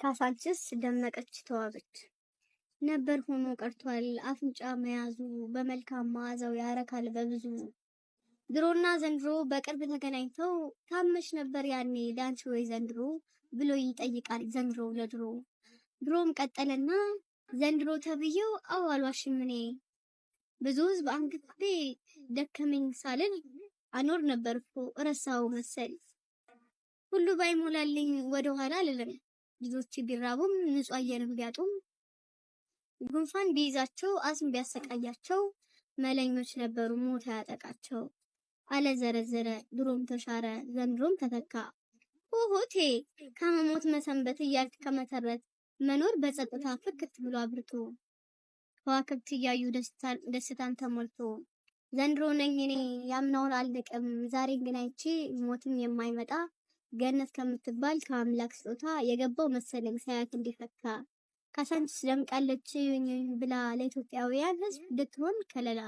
ካሳንችስ ደመቀች ተዋበች ነበር ሆኖ ቀርቷል። አፍንጫ መያዙ በመልካም መዓዛው ያረካል በብዙ ድሮና ዘንድሮ በቅርብ ተገናኝተው ታመሽ ነበር ያኔ ዳንች ወይ ዘንድሮ ብሎ ይጠይቃል ዘንድሮ ለድሮ ድሮም ቀጠለና ዘንድሮ ተብዬው አው እኔ ብዙ ህዝብ አንግቤ ደከመኝ ሳልል አኖር ነበር እኮ እረሳው መሰል ሁሉ ባይሞላልኝ ወደኋላ አልልም ልጆች ቢራቡም ንጹህ አየርን ቢያጡም ጉንፋን ቢይዛቸው አስም ቢያሰቃያቸው መለኞች ነበሩ ሞት ያጠቃቸው። አለዘረዘረ ድሮም ተሻረ ዘንድሮም ተተካ። ሆቴ ከመሞት መሰንበት እያልክ ከመተረት መኖር በጸጥታ ፍክት ብሎ አብርቶ ከዋክብት እያዩ ደስታን ተሞልቶ ዘንድሮ ነኝ እኔ ያምናውን አልንቅም ዛሬ ግን አይቼ ሞትም የማይመጣ ገነት ከምትባል ከአምላክ ስጦታ የገባው መሰለኝ ሳያት እንዲፈካ ካሳንቺስ ደምቃለች ብላ ለኢትዮጵያውያን ሕዝብ እንድትሆን ከለላ